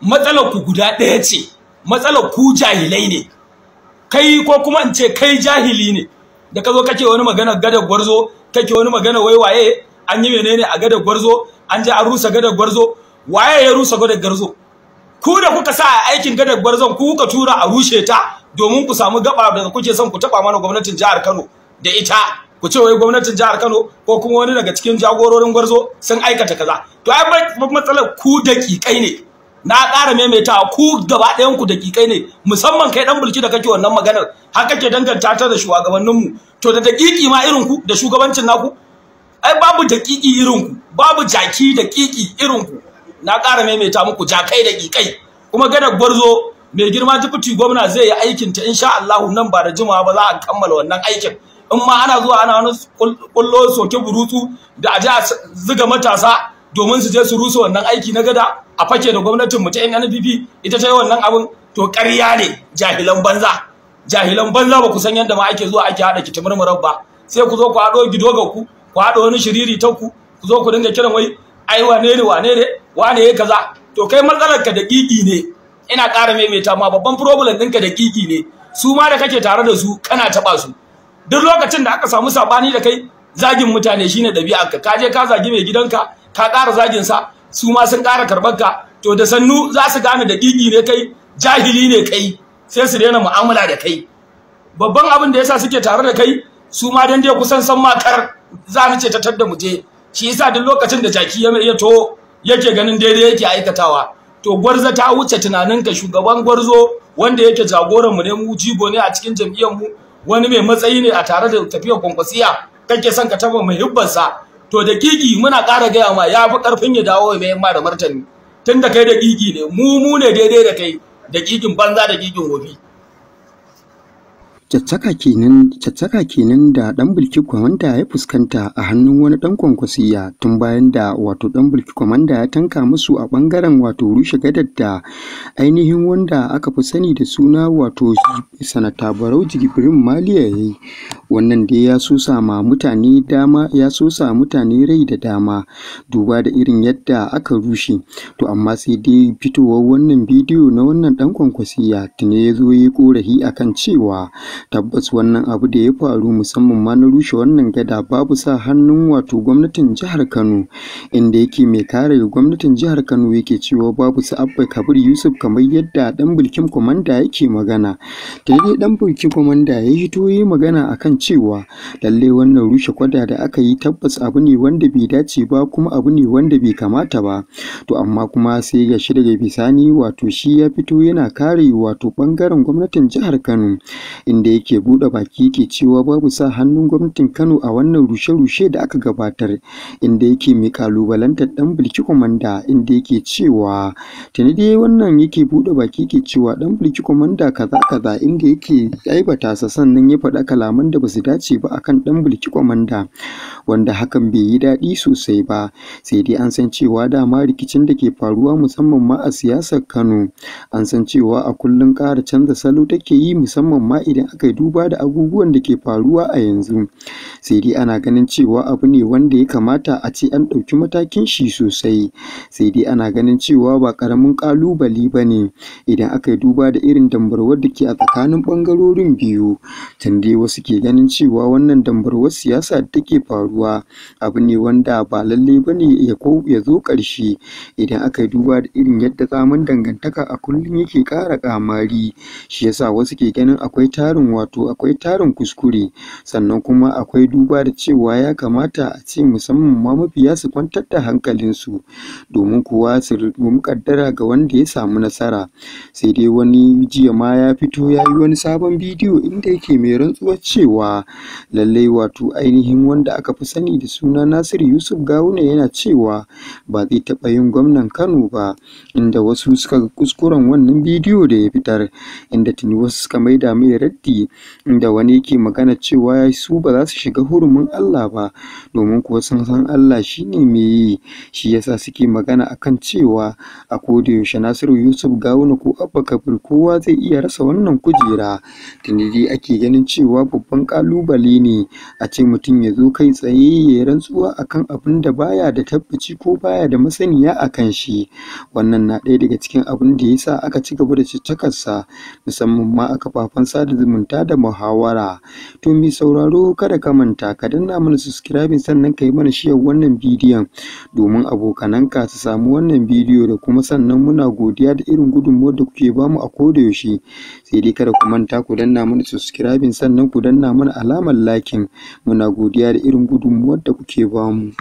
matsalar ku guda ɗaya ce matsalar ku jahilai ne kai ko kuma in ce kai jahili ne da ka zo kake wani magana gada gwarzo kake wani magana waye an yi menene a gada gwarzo an je an rusa gada gwarzo waye ya rusa gada gwarzo ku da kuka sa a aikin gada gwarzon ku kuka tura a rushe ta domin ku samu gaba da kuke son ku taba mana gwamnatin jihar Kano da ita ku ce wai gwamnatin jihar Kano ko kuma wani daga cikin jagororin gwarzo sun aikata kaza to ai matsalar ku da daƙiƙai ne na ƙara maimaita ku gaba ɗayan ku dakikai ne musamman kai ɗan bulki da kake wannan maganar har kake danganta ta da shugabanninmu. to da daƙiƙi ma irin ku da shugabancin naku ai babu daƙiƙi irin ku babu jaki ƙiƙi irin ku na ƙara maimaita muku jakai dakikai kuma gadar gwarzo mai girma tufuti gwamna zai yi aikin ta insha Allahu nan ba da jimawa ba za a kammala wannan aikin in ma ana zuwa ana wani kullo soke burutu da a ji a matasa domin su je su rusa wannan aiki na gada a fake da gwamnatin mu ta NNPP ita ta yi wannan abin to ƙarya ne jahilan banza jahilan banza ba ku san yadda ma ake zuwa ake haɗa kitimurmurar ba sai ku zo ku haɗo gido ga ku ku haɗo wani shiriri ta ku ku zo ku dinga kiran wai ai wane ne wane ne wane ya kaza to kai matsalar ka da ne ina ƙara maimaita ma babban problem ɗinka da kiki ne su ma da kake tare da su kana taɓa su duk lokacin da aka samu sabani da kai zagin mutane shine ɗabi'arka ka je ka zagi mai gidanka ka ƙara zagin sa su ma sun ƙara karɓar ka to da sannu za su gane da gigi ne kai jahili ne kai sai su daina mu'amala da kai babban abin da yasa suke tare da kai su ma dan dai kusan san makar za mu ce tattar da mu je shi yasa duk lokacin da jaki ya ya to yake ganin daidai yake aikatawa to gwarza ta wuce tunanin ka shugaban gwarzo wanda yake jagoran mu ne mu jigo ne a cikin jam'iyyar mu wani mai matsayi ne a tare da tafiyar kwankwasiya kake son ka taba muhibbansa to da gigi muna ƙara gaya ma ya fi ƙarfin ya dawo mai yamma da martani tun da kai da gigi ne mu mu ne daidai da kai da gigin banza da gigin wofi caccaka kenan da ɗan bulki kwamanda ya fuskanta a hannun wani dan kwankwasiya tun bayan da wato ɗan bulki kwamanda ya tanka musu a ɓangaren wato rushe gadar da ainihin wanda aka fi sani da suna wato sanata barau jibrin maliya yi. wannan dai ya so sama mutane dama ya so sa mutane rai da dama duba da irin yadda aka rushe to amma sai dai fitowar wannan bidiyo na wannan dan kwankwasiya tune ya zo ya yi korafi akan cewa tabbas wannan abu da ya faru musamman ma na rushe wannan gada babu sa hannun wato gwamnatin jihar kano inda yake mai kare gwamnatin jihar kano yake cewa babu su abba kabir yusuf kamar yadda dan bilkin kwamanda yake magana da dai dan bilkin kwamanda ya hito yi magana akan cewa lalle wannan rushe kwada da aka yi tabbas abu ne wanda bai dace ba kuma abu ne wanda bai kamata ba to amma kuma sai ga shi daga bisani wato shi ya fito yana kare wato bangaren gwamnatin jihar kano inda inda yake buɗe baki ke cewa babu sa hannun gwamnatin Kano a wannan rushe-rushe da aka gabatar inda yake mai kalubalantar dan Bilki Komanda inda yake cewa tuni dai wannan yake buɗe baki ke cewa dan Bilki Komanda kaza kaza inda yake aibata sa sannan ya faɗa kalaman da basu dace ba akan dan Bilki Komanda wanda hakan bai yi daɗi sosai ba sai dai an san cewa dama rikicin da ke faruwa musamman ma a siyasar Kano an san cewa a kullum ƙara canza salo take yi musamman ma idan aka kai duba da abubuwan da ke faruwa a yanzu sai dai ana ganin cewa abu ne wanda ya kamata a ce an ɗauki matakin shi sosai sai dai ana ganin cewa ba ƙaramin ƙalubale ba ne idan aka yi duba da irin dambarwar da ke a tsakanin ɓangarorin biyu tun dai wasu ke ganin cewa wannan dambarwar siyasa da take faruwa abu ne wanda ba lallai ba ne ya zo ƙarshe idan aka yi duba da irin yadda tsamin dangantaka a kullum yake ƙara ƙamari shi yasa wasu ke ganin akwai tarin tsarin wato akwai tarin kuskure sannan kuma akwai duba da cewa ya kamata a ce musamman ma mafiya su kwantar da hankalinsu domin kuwa su rumu kaddara ga wanda ya samu nasara sai dai wani jiya ma ya fito ya yi wani sabon bidiyo inda yake mai rantsuwar cewa lallai wato ainihin wanda aka fi sani da suna nasiru yusuf gawuna yana cewa ba zai taɓa yin gwamnan kano ba inda wasu suka kuskuren wannan bidiyo da ya fitar inda tuni wasu suka maida mai raddi mulki inda wani yake magana cewa su ba za su shiga hurumin Allah ba domin kuwa sun san Allah shi ne mai yi shi yasa suke magana akan cewa a yaushe Nasiru Yusuf Gawuna ko Abba Kabir kowa zai iya rasa wannan kujera tunda dai ake ganin cewa babban kalubale ne a ce mutum ya zo kai tsaye ya rantsuwa akan abin da baya da tabbaci ko baya da masaniya akan shi wannan na ɗaya daga cikin abin da ya sa aka ci gaba da cutakarsa, musamman ma a kafafen sada zumunta manta da muhawara. To mi sauraro kada ka manta ka danna mana subscribing sannan ka yi mana shiyar wannan bidiyon domin abokananka su samu wannan bidiyo da kuma sannan muna godiya da irin gudunmuwar da kuke bamu a koda yaushe Sai dai kada ku manta ku danna mana subscribing sannan ku danna mana alamar lakin muna godiya da irin gudunmuwar da kuke bamu.